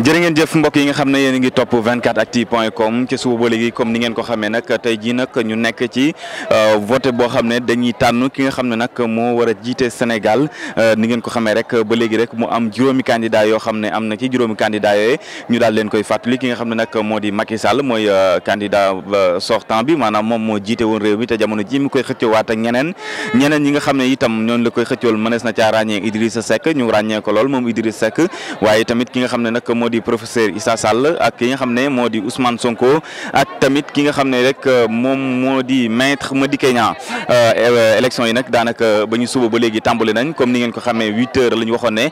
jërë ngeen jëf mbokk yi nga xam ne yéen a ngi topp 24 point com ci suba ba léegi comme ni ngeen ko xamee nag tey jii ñu nekk ci euh, vote boo xam ne dañuy tànn ki nga xam ne nag moo war a jiite Sénégal euh, ni ngeen ko xamee rek ba léegi rek mu am juróomi candidat yoo xam ne am na ci juróomi candidat yooyu ñu daal leen koy fàttali ki nga xam ne nag moo di Macky Sall mooy euh, candidat sortant bi maanaam moom moo jiite woon réew mi te jamono ji mi koy xëccoowaat ak ñeneen ñeneen ñi nga xam ne itam ñoon la koy xëccool mënees na caa ràññee Idrissa Seck ñu ràññee ko lool moom Idrissa Seck waaye tamit ki nga xam ne nag di professeur Issa Sall ak ki nga xam ne moo di Ousmane Sonko ak tamit ki nga xam ne rek euh, moom moo di maître Madické Niang euh, euh, élection yi nag daanaka ba ñu suba ba léegi tàmbali nañ comme ni ngeen ko xamee huit heures la ñu waxoon ne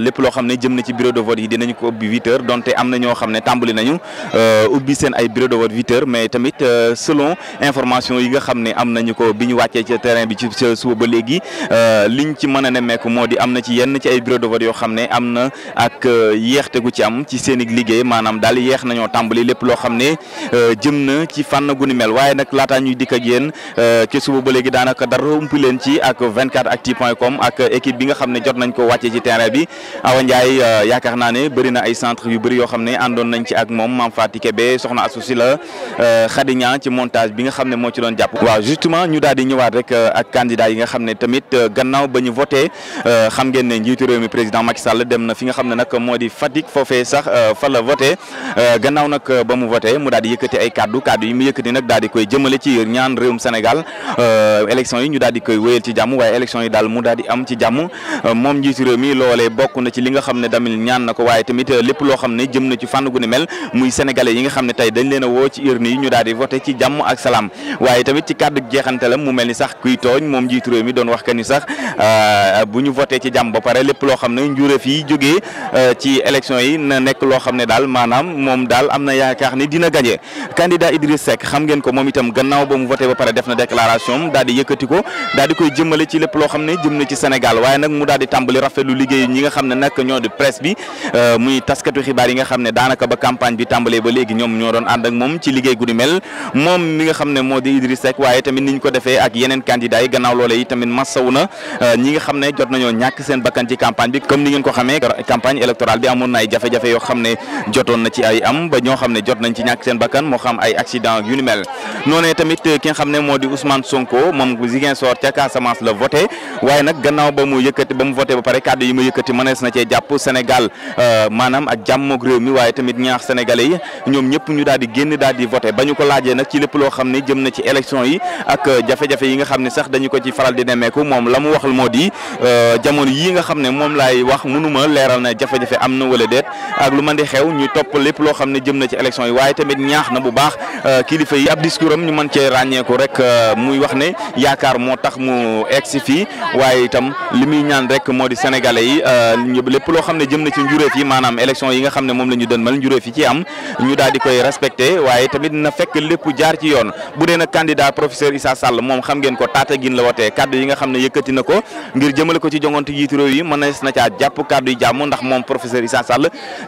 lépp loo xam ne jëm na ci bureau de vote yi dinañ ubbi na ñoo xam ne tàmbali nañu seen ay bureau de vote huit mais tamit selon information yi nga xam ne am nañu ko bi ñu wàccee ci terrain bi ci suba ba léegi liñ ci mën a moo di am na ci yenn ci ay bureau de vote yoo xam ne am na ak yéexte gu bu ci am ci seen i liggéey maanaam daal yéex nañoo tàmbali lépp loo xam ne euh, jëm na ci fànn gu ni mel waaye nag laataa ñuy dikk ak yéen euh, suba ba léegi daanaka dara ump leen ci ak 24actu.com ak équipe bi nga xam ne jot nañ ko wàccee ci terrain bi Awa Ndiaye euh, yaakaar naa ne bëri ay centre yu bëri yoo xam ne àndoon nañ ci ak moom Mame Faty Kébé soxna asusi la Khady ci montage bi nga xam ne moo ci doon jàpp waaw justement ñu daal ñëwaat rek foofee sax euh, fa la voté euh, gannaaw nag euh, ba mu voté mu daal di yëkkati ay kaddu kaddu yi mu yëkkati nag daal koy jëmale ci ñaan réewum mu daal di moom njiitu réew mi loolee bokk na ci li nga xam ne damil ñaan na ko waaye tamit lépp loo xam ne jëm na ci fànn gu ni mel muy sénégalais yi nga xam ne tey dañ leen a woo ci urne yi ñu daal di ci jàmm ak salaam waaye tamit ci kaddu jeexantalam mu mel ni sax kuy tooñ moom njiitu réew mi doon wax que sax bu ñu voté ci jàmm ba pare lépp loo xam ne njuure fii jógee ci élection yi yi na nekk loo xam ne daal maanaam moom daal am na yaakaar ni dina gagné candidat Idriss Seck xam ngeen ko moom itam gannaaw ba mu voté ba pare def na déclaration am daal yëkkati ko daal koy jëmale ci lépp loo xam ne jëm ci Sénégal waaye nag mu daal di tàmbali rafetlu liggéey ñi nga xam ne nag ñoo di presse bi euh, muy taskatu xibaar yi nga xam ne daanaka ba campagne bi tàmbalee ba léegi ñoom ñoo doon ànd ak moom ci liggéey gu mel moom mi nga xam jafe-jafe yoo xam ne jotoon la voté ba mu yëkkati ba mu voté ba yi euh, ñu daal di ba ñu ko laajee nag loo xam ne jëm na ci euh, nga xam ne sax dañu ko ci faral di nemmeeku moom la mu waxal moo di euh, jamono yi nga xam ne moom laay wax mënuma leeral na jafe-jafe am na wala déet ak lu man di xew ñu topp lépp loo xam ne jëm na ci élection yi waaye tamit ñaax na bu baax euh, kilifa yi ab discours am ñu man cee ràññeeku rek euh, muy wax ne yaakaar moo tax mu egsi fii waaye itam li ñaan rek moo di sénégalais yi euh, lépp loo xam ne jëm na ci njuréef yi maanaam élection yi nga xam ne moom la ñu dënmal njuréef yi ci am ñu daal di koy respecté waaye tamit na fekk lépp jaar ci yoon bu dee nag candidat professeur Issa Sall moom xam ngeen ko Tataguine ne yëkkati na ko ngir jëmale ko ci jongante jiitu réew yi mën na na caa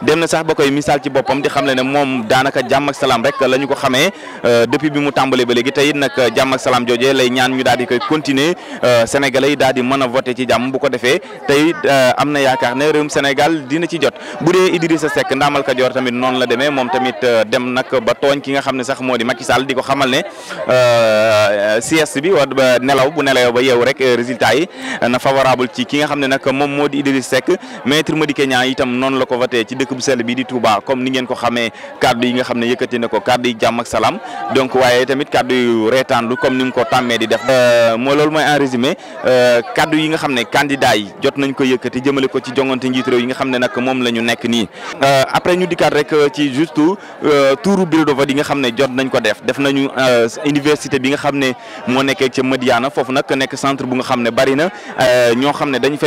dem na sax ba koy misaal ci boppam di xam le moom daanaka jàmm salaam rek la ñu ko xamee euh, depuis bi mu tàmbalee ba léegi te it nag jàmm ak salaam joojee lay ñaan ñu daal di koy continuer euh, sénégalais yi daal di mën a voter ci jàmm bu ko defee tey euh, am na yaakaar ne réewum Sénégal dina ci jot bu dee Idrissa Seck ndaamal Kajoor tamit noonu la demee moom tamit dem nag ba tooñ ki nga xam ne sax moo di Macky Sall di ko xamal ne sieste bi wa nelaw bu nelaw ba yeewu rek résultat yi wootee ci dëkk bu sell bi di Touba comme ni ngeen ko xamee kaddu yi nga xam ne yëkkati na ko kaddu yi jàmm ak salaam donc waaye tamit kaddu yu reetaanlu comme ni euh, euh, nga xam ne candidat yi jot nañ ko yëkkati jëmale ko ci jongante njiit réew yi nga xam ne nag moom la nekk nii. Euh, après ñu dikkaat rek ci juste touru bureau de vote yi nga xam ne jot nañ ko def def nañu université bi nga xam ne moo nekkee ca Madiana foofu nag nekk centre bu nga xam ne bari ñoo xam ne dañ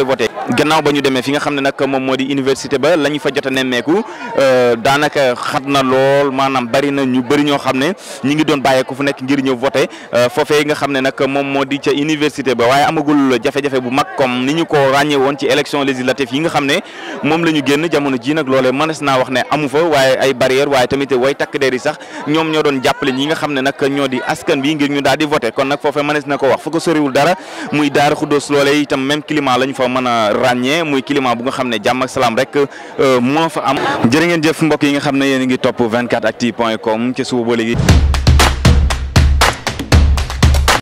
gannaaw ba ñu demee fi nga xam ne nag moom moo di université ba la fa jot a nemmeeku euh, daanaka xat na lool maanaam bari na ñu bëri ñoo xam ne ñu ngi doon bàyyeeku fu nekk ngir ñëw voté euh, foofee nga xam ne nag moom moo di ca université ba waaye amagul jafe-jafe bu mag comme ni ñu ko ràññee woon ci élection législative yi nga xam ne moom la ñu génn jamono ji nag loolee mënees na wax ne amu fa waaye ay barrière waaye tamit way takk der yi sax ñoom ñoo doon jàppale ñi nga xam ne nag ñoo di askan bi ngir ñu daal di voté kon nag foofee mënees na ko wax fu ko soriwul dara muy daara ràññee muy climat bu nga xam ne jàmm ak salaam rek euh, moo fa am jërë ngeen jëf mbokk yi nga xam ne yéen a ngi topp 24actu point com ci suba ba léegi